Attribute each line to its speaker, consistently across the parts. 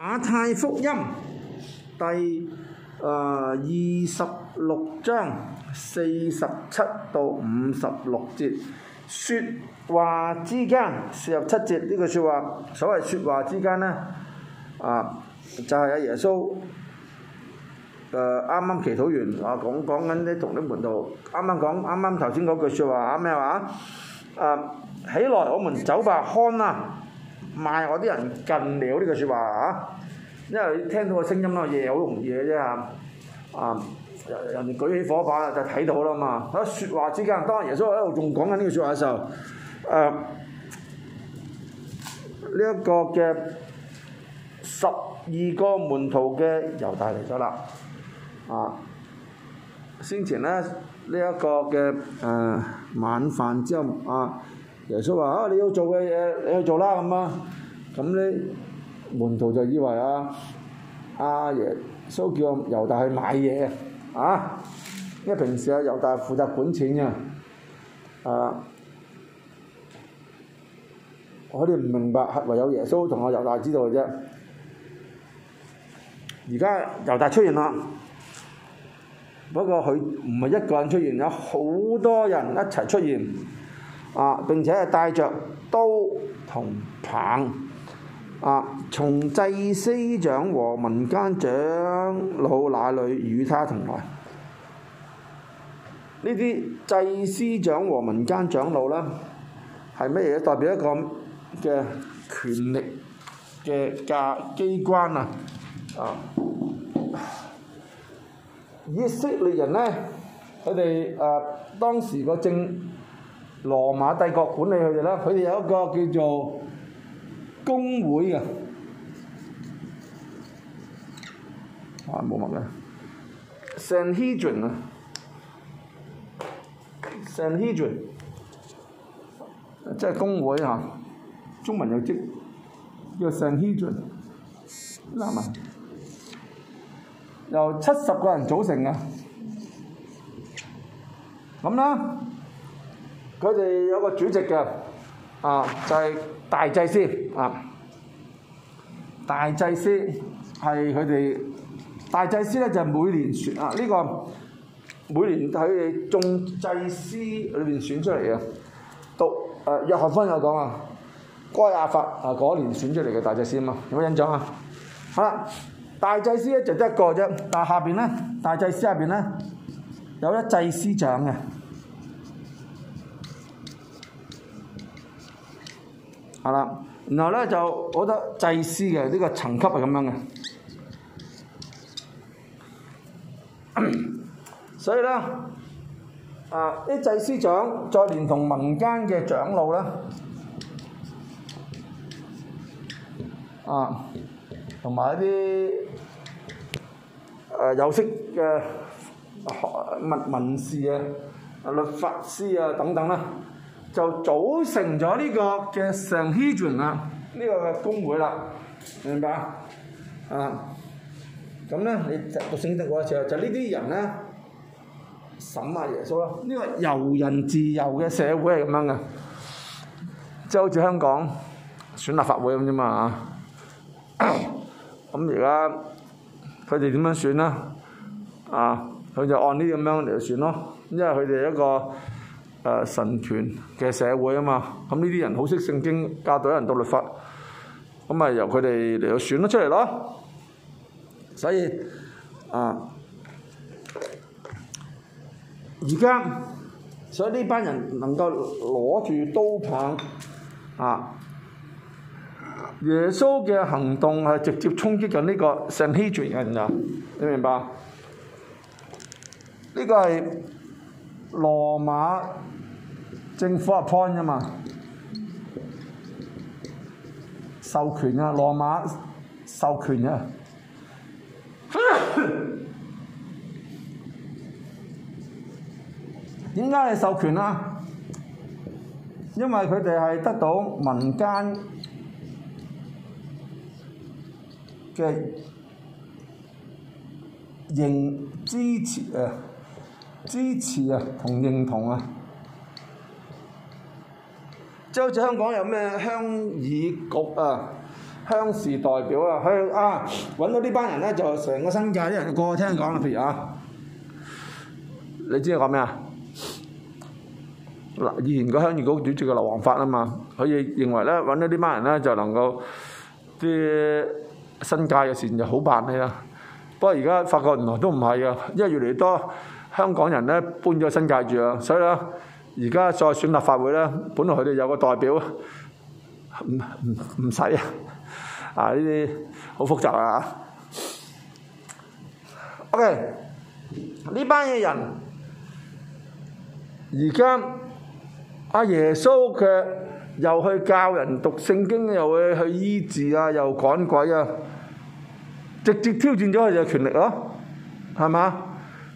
Speaker 1: 馬太福音第啊二十六章四十七到五十六節，說話之間四十七節呢句說話，所謂說話之間呢，啊，就係、是、阿耶穌誒啱啱祈禱完，我、啊、講講緊啲同啲門徒，啱啱講啱啱頭先嗰句說話咩話啊？起來，我們走吧看，看啊！，賣我啲人近了，呢個説話嚇、啊，因為聽到個聲音咯，夜好容易嘅啫啊，人哋舉起火把就睇到啦嘛。喺、啊、説話之間，當然耶穌喺度仲講緊呢個説話嘅時候，誒呢一個嘅十二個門徒嘅猶大嚟咗啦。啊，先前咧呢一、呢個嘅誒、啊、晚飯之後啊。耶穌話：啊，你要做嘅嘢，你去做啦咁啊！咁啲門徒就以為啊，阿、啊、耶穌叫我猶大去買嘢啊！因為平時啊，猶大負責管錢嘅，啊！我哋唔明白，係唯有耶穌同阿猶大知道嘅啫。而家猶大出現啦，不過佢唔係一個人出現，有好多人一齊出現。啊！並且係帶著刀同棒啊，從祭司長和民間長老那裏與他同來。呢啲祭司長和民間長老呢，係乜嘢？代表一個嘅權力嘅架機關啊！啊，以色列人呢，佢哋啊，當時個政羅馬帝國管理佢哋啦，佢哋有一個叫做公會嘅，啊冇乜啊，Sanhedrin 啊，Sanhedrin，即係公會啊，中文又即叫 Sanhedrin，啦嘛，由七十個人組成嘅，咁啦。佢哋有個主席嘅，啊，就係、是、大祭司。啊，大祭司係佢哋大祭司呢就每年選啊呢個每年喺眾祭司裏面選出嚟嘅。讀誒約翰福音有講啊，該亞法啊嗰年選出嚟嘅大祭司嘛，有冇印象啊？好啦，大祭司呢就一個啫，但下邊呢，大祭司下邊呢，有一祭司長嘅。係啦，然後呢，就我覺得祭司嘅呢個層級係咁樣嘅， 所以呢，啊啲祭司長再連同民間嘅長老咧啊，同埋一啲誒、呃、有識嘅學民文士嘅、啊、律法師啊等等啦、啊。就組成咗呢個嘅上議院啦，呢個嘅公會啦，明白啊？咁咧，你讀聖經過一次啊，就呢啲人咧審問耶穌咯。呢、這個遊人自由嘅社會係咁樣嘅，即、就是、好似香港選立法會咁啫嘛嚇。咁而家佢哋點樣選啦？啊，佢、啊啊、就按呢咁樣嚟選咯，因為佢哋一個。誒、呃、神權嘅社會啊嘛，咁呢啲人好識聖經，教導人讀律法，咁、嗯、咪由佢哋嚟到選咗出嚟咯。所以，啊，而家所以呢班人能夠攞住刀棒，啊，耶穌嘅行動係直接衝擊緊呢個 Sanhedrin 㗎，你明白？呢、呢個係。羅馬政府 appoint 嘛，授權啊，羅馬授權啊，點解係授權啊？因為佢哋係得到民間嘅認支持啊。支持啊，同認同啊，即係好似香港有咩鄉議局啊、鄉事代表啊，喺啊揾到呢班人咧，啊，就成個新界啲人個個聽講啦，啊，你知我講咩啊？以前個鄉議局主政個劉皇發啊嘛，佢亦認為咧揾到呢班人咧，就能夠啲新界嘅事就好辦啦，啊。不過而家發覺原來都唔係啊，因為越嚟越多。香港人咧搬咗新界住啊，所以咧而家再選立法會咧，本來佢哋有個代表，唔唔使啊！啊呢啲好複雜啊！O.K. 呢班嘅人，而家阿耶穌佢又去教人讀聖經，又去去醫治啊，又趕鬼啊，直接挑戰咗佢哋嘅權力咯，係嘛？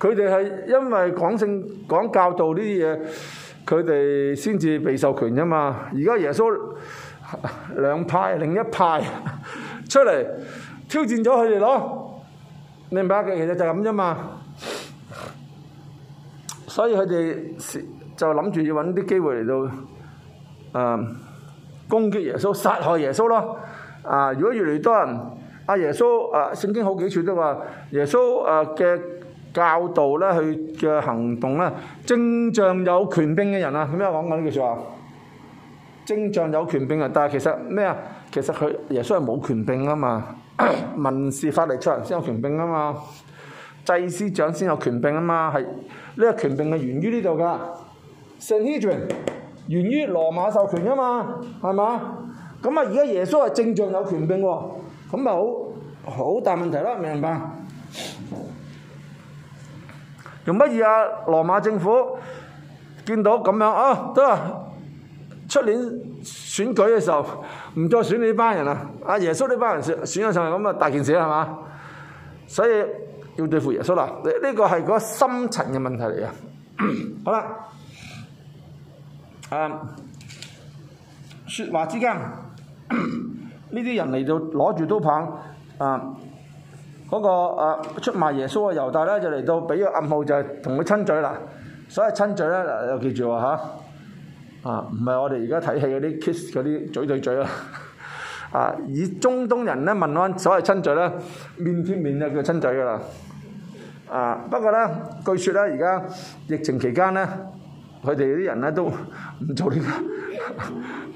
Speaker 1: 佢哋係因為講聖講教導呢啲嘢，佢哋先至被授權啫嘛。而家耶穌兩派另一派出嚟挑戰咗佢哋咯，明白嘅其實就係咁啫嘛。所以佢哋就諗住要搵啲機會嚟到誒攻擊耶穌、殺害耶穌咯。啊，如果越嚟越多人，阿耶穌誒聖經好幾處都話耶穌誒嘅。教導呢，佢嘅行動呢，正像有權柄嘅人啊，咩講緊呢句説話？正像有權柄啊。但係其實咩啊？其實佢耶穌係冇權柄噶嘛， 民事法例出嚟先有權柄噶嘛，祭司長先有權柄啊嘛，係呢、呢個權柄係源於呢度㗎，Sanhedrin 源於羅馬授權啊嘛，係嘛？咁啊，而家耶穌係正像有權柄喎，咁咪好好大問題啦，明唔明白？用乜嘢啊？羅馬政府見到咁樣啊，得出年選舉嘅時候唔再選你呢班人啊！阿耶穌呢班人選選咗上嚟咁啊大件事啦係嘛？所以要對付耶穌啦！呢呢個係個深層嘅問題嚟嘅。 好啦，啊，説話之間呢啲人嚟到攞住刀棒。啊。嗰個啊，出賣耶穌嘅猶大咧，就嚟到俾個暗號，就係同佢親嘴啦。所謂親嘴咧，嗱，記住吓啊，唔係我哋而家睇戲嗰啲 kiss 嗰啲嘴對嘴啦。啊，以中東人咧問安，所謂親嘴咧，面貼面就叫親嘴噶啦。啊，不過咧，據說咧，而家疫情期間咧，佢哋啲人咧都唔做呢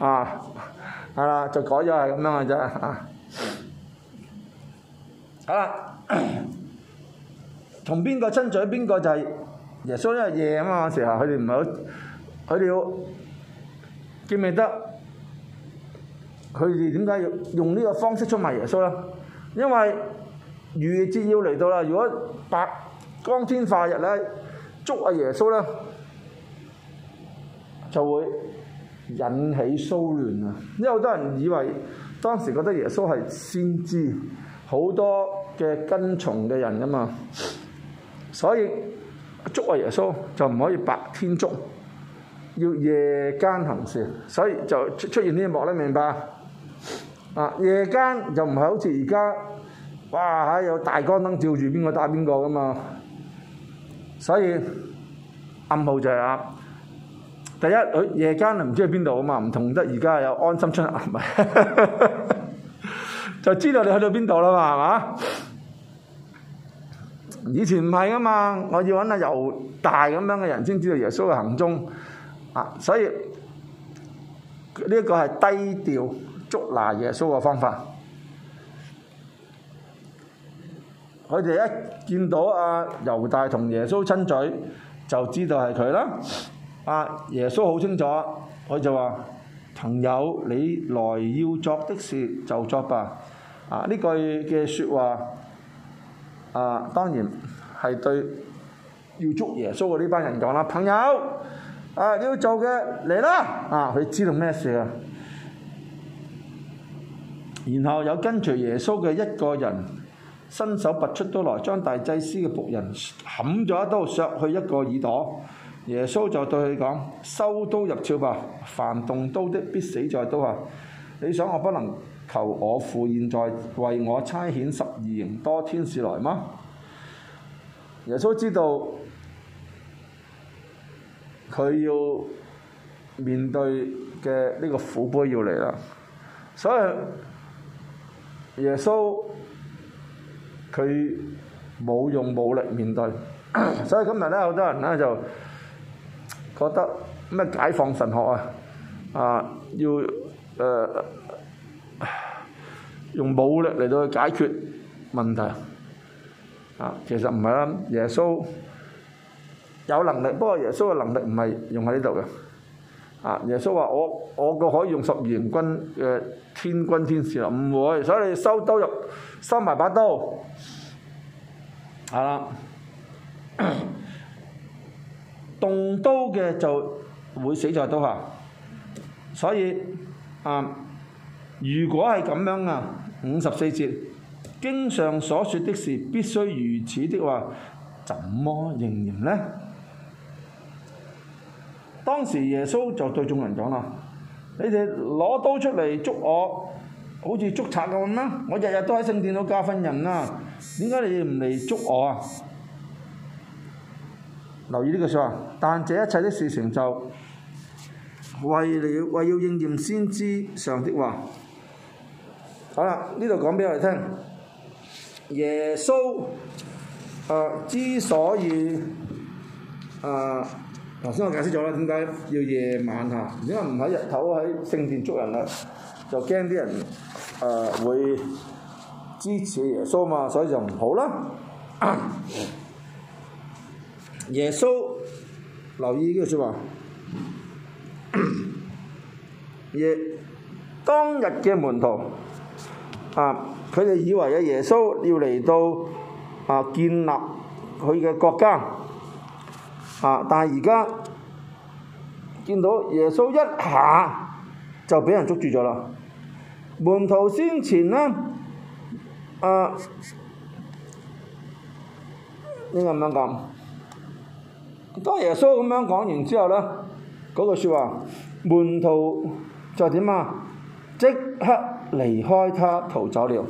Speaker 1: 個啊，係啦，就改咗係咁樣嘅啫。啊好啦，同邊個親嘴邊個就係耶穌，因為夜啊嘛，時候佢哋唔係好，佢哋記唔記得？佢哋點解用用呢個方式出賣耶穌咧？因為逾節要嚟到啦，如果白光天化日咧捉阿耶穌咧，就會引起騷亂啊！因為好多人以為當時覺得耶穌係先知，好多。嘅跟從嘅人噶嘛，所以捉啊耶穌就唔可以白天捉，要夜間行事，所以就出出現呢一幕啦，明白？啊，夜間就唔係好似而家，哇嚇有大光燈照住邊個打邊個噶嘛，所以暗號就係啊，第一佢夜間啊唔知喺邊度啊嘛，唔同得而家有安心出行啊唔係 就知道你去到邊度啦嘛，係嘛？以前唔係噶嘛，我要搵阿猶大咁樣嘅人先知道耶穌嘅行蹤。啊，所以呢個係低調捉拿耶穌嘅方法。佢哋一見到阿猶大同耶穌親嘴，就知道係佢啦。啊，耶穌好清楚，佢就話：朋友，你來要作的事就作吧。啊！呢句嘅説話，啊，當然係對要捉耶穌嘅呢班人講啦，朋友，啊，你要做嘅嚟啦！啊，佢知道咩事啊？然後有跟隨耶穌嘅一個人伸手拔出刀來，將大祭司嘅僕人砍咗一刀，削去一個耳朵。耶穌就對佢講：收刀入鞘吧，凡動刀的必死在刀下。你想我不能？求我父現在為我差遣十二營多天使來嗎？耶穌知道佢要面對嘅呢個苦杯要嚟啦，所以耶穌佢冇用武力面對，所以今日咧好多人咧就覺得咩解放神學啊，啊、呃、要誒～、呃用武力嚟到去解決問題，啊，其實唔係啦，耶穌有能力，不過耶穌嘅能力唔係用喺呢度嘅，啊，耶穌話我我個可以用十二營軍嘅天軍天使啦，唔會，所以你收刀入收埋把刀，係啦，動刀嘅就會死在刀下，所以啊。如果係咁樣啊，五十四節經上所說的事必須如此的話，怎麼應驗呢？當時耶穌就對眾人講啦：你哋攞刀出嚟捉我，好似捉賊咁啦！我日日都喺聖殿度教訓人啊，點解你哋唔嚟捉我啊？留意呢句説話！但這一切的事情就為了為要應驗先知上的話。好啦，呢度講俾我哋聽，耶穌誒、呃、之所以誒，頭、呃、先我解釋咗啦，點解要夜晚吓？因為唔喺日頭喺聖殿捉人啦，就驚啲人誒、呃、會支持耶穌嘛，所以就唔好啦。 耶穌留意呢句說話，亦 當日嘅門徒。啊！佢哋以為啊，耶穌要嚟到啊，建立佢嘅國家啊，但係而家見到耶穌一下就俾人捉住咗啦。門徒先前咧，啊，應該咁樣講？當耶穌咁樣講完之後咧，嗰句説話，門徒就點啊？即刻！離開他逃走了，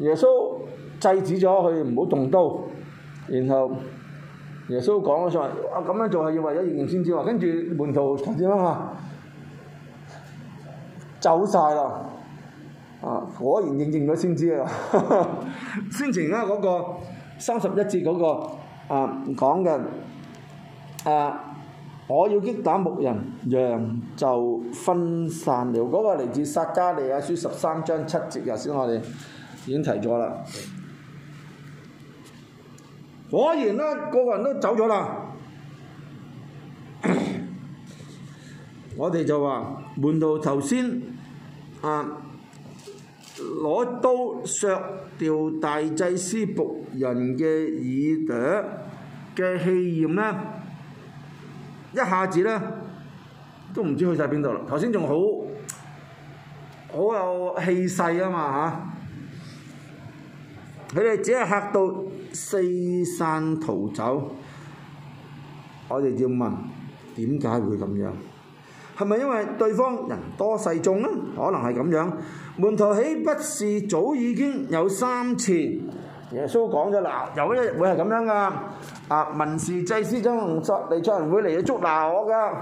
Speaker 1: 耶穌制止咗佢唔好動刀，然後耶穌講咗：出嚟啊，咁樣做係要為咗應驗先知話，跟住門徒點樣啊？走晒啦！啊，果然應驗咗先知啊！啊啊、先前啦嗰個三十一節嗰個啊講嘅啊。我要擊打牧人，羊就分散了。嗰個嚟自撒迦利亞書十三章七節入先，我哋已經提咗啦。果然啦，個個人都走咗啦。我哋就話，回到頭先，啊，攞刀削掉大祭司僕人嘅耳朵嘅氣焰咧。一下子咧，都唔知去晒邊度啦！頭先仲好，好有氣勢嘛啊嘛嚇！佢哋只係嚇到四散逃走，我哋要問點解會咁樣？係咪因為對方人多勢眾咧？可能係咁樣。門徒豈不是早已經有三次？耶穌講咗啦，有一日會係咁樣噶，啊，民事祭司將嚟差人會嚟捉拿我噶，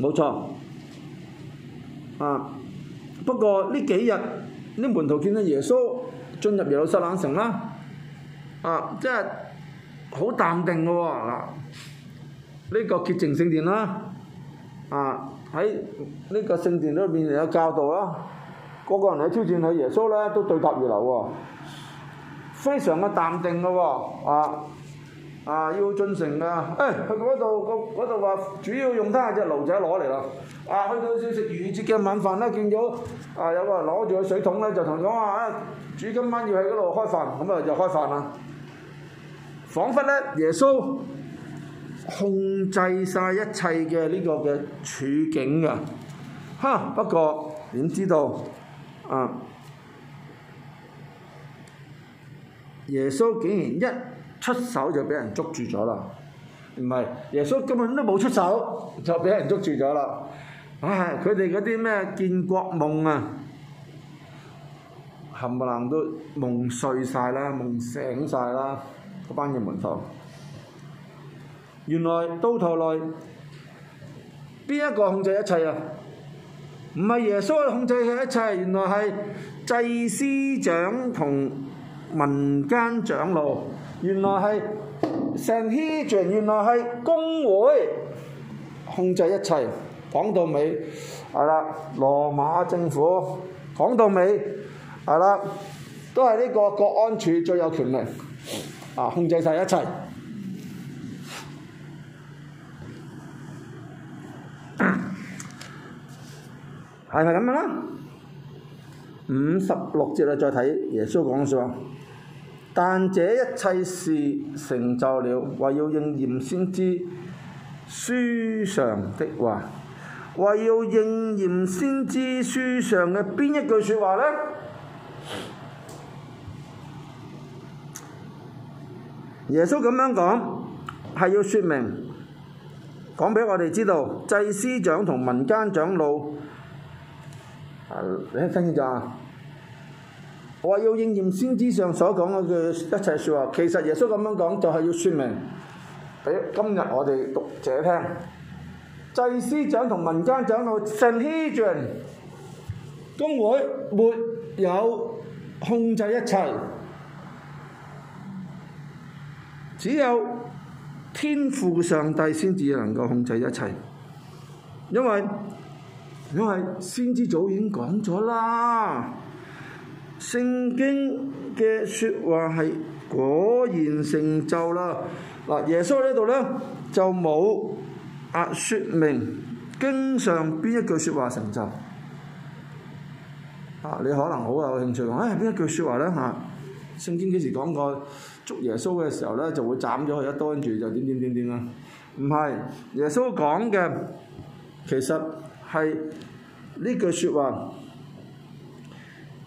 Speaker 1: 冇錯。啊，不過呢幾日啲門徒見到耶穌進入耶路撒冷城啦，啊，即係好淡定嘅喎，嗱，呢個潔淨聖殿啦，啊，喺、這、呢個聖殿裏、啊、面有教導咯。個個人去挑戰去耶穌咧，都對答如流喎，非常嘅淡定嘅喎，啊啊要進城嘅，哎去嗰度嗰度話主要用得係隻驢仔攞嚟啦，啊去到逾越節嘅晚飯咧，見到啊有個人攞住個水桶咧，就同佢講話，啊主今晚要喺嗰度開飯，咁啊就開飯啦，彷彿咧耶穌控制晒一切嘅呢個嘅處境嘅，哈不過點知道？啊！耶穌竟然一出手就俾人捉住咗啦，唔係耶穌根本都冇出手就俾人捉住咗啦！唉，佢哋嗰啲咩建國夢啊，冚唪唥都夢碎曬啦，夢醒曬啦，嗰班嘅門徒。原來到頭來，邊一個控制一切啊？唔係耶穌去控制佢一切，原來係祭司長同民間長老，原來係聖希臘，原來係公會控制一切。講到尾係啦，羅馬政府講到尾係啦，都係呢個國安處最有權力啊，控制曬一切。係咪咁樣啦？五十六節啊，再睇耶穌講嘅說話。但這一切事成就了，為要應驗先知書上的話，為要應驗先知書上嘅邊一句說話呢？耶穌咁樣講，係要說明，講俾我哋知道，祭司長同民間長老。你聽清楚啊！我話要應驗先知上所講嘅一切說話，其實耶穌咁樣講就係要說明俾今日我哋讀者聽。祭司長同民間長老神希爵公會沒有控制一切，只有天父上帝先至能夠控制一切，因為。因為先知早已經講咗啦，聖經嘅說話係果然成就啦。嗱，耶穌呢度咧就冇啊說明經上邊一句說話成就啊。你可能好有興趣講，唉、哎，邊一句說話咧吓、啊？聖經幾時講過捉耶穌嘅時候咧就會斬咗佢一刀，跟住就點點點點啊？唔係耶穌講嘅，其實。係呢句說話，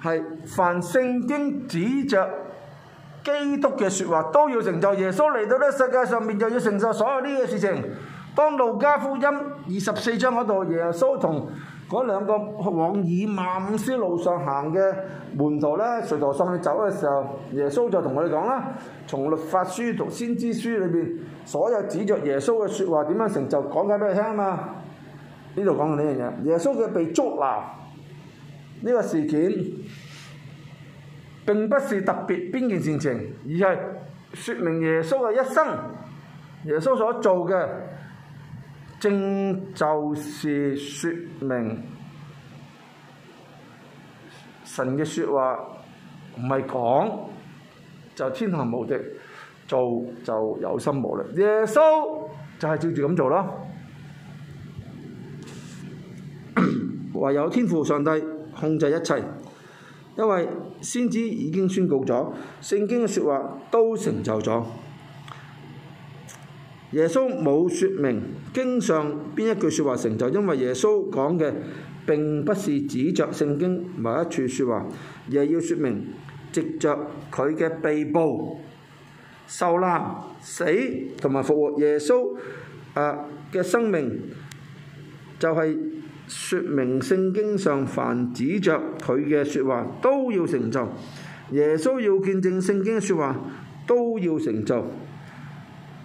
Speaker 1: 係凡聖經指着基督嘅說話，都要成就。耶穌嚟到呢世界上面，就要承受所有呢啲事情。當路加福音二十四章嗰度，耶穌同嗰兩個往以馬忤斯路上行嘅門徒咧，垂頭喪氣走嘅時候，耶穌就同佢哋講啦：從律法書同先知書裏邊，所有指着耶穌嘅說話，點樣成就，講解畀你聽啊嘛。呢度講嘅呢樣嘢，耶穌嘅被捉拿呢個事件，並不是特別邊件事情，而係說明耶穌嘅一生，耶穌所做嘅，正就是說明神嘅說話唔係講就天下無敵，做就有心無力。耶穌就係照住咁做咯。唯有天父上帝控制一切，因為先知已經宣告咗，聖經嘅說話都成就咗。耶穌冇說明經上邊一句說話成就，因為耶穌講嘅並不是指著聖經某一處說話，而係要說明藉著佢嘅被捕、受難、死同埋復活，耶穌啊嘅生命就係。説明聖經上凡指着佢嘅説話都要成就，耶穌要見證聖經説話都要成就，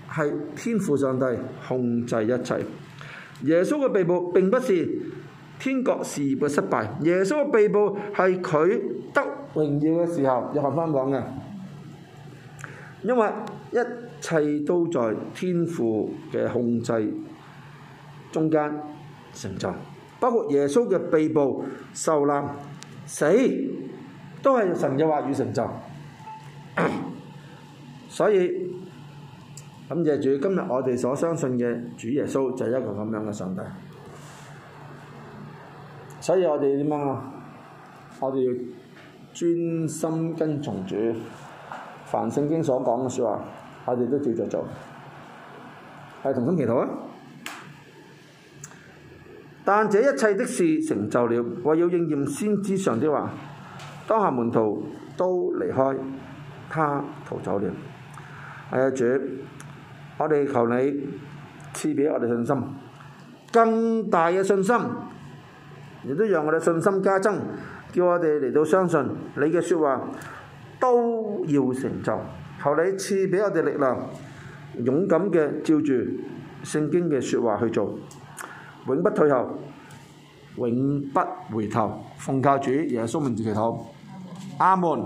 Speaker 1: 係天父上帝控制一切。耶穌嘅被捕並不是天國事業嘅失敗，耶穌嘅被捕係佢得榮耀嘅時候。又學返講嘅，因為一切都在天父嘅控制中間成就。包括耶穌嘅被捕、受難、死，都係神嘅話語成就。 所以感謝主，今日我哋所相信嘅主耶穌就係一個咁樣嘅上帝。所以我哋點樣？我哋要專心跟從主，凡聖經所講嘅説話，我哋都照著做。係同心祈禱啊。但這一切的事成就了，為要應驗先知上的話，當下門徒都離開，他逃走了。哎呀，主，我哋求你賜俾我哋信心，更大嘅信心，亦都讓我哋信心加增，叫我哋嚟到相信你嘅説話都要成就。求你賜俾我哋力量，勇敢嘅照住聖經嘅説話去做。永不退後，永不回頭，奉教主耶穌名字祈禱，阿門們。阿門。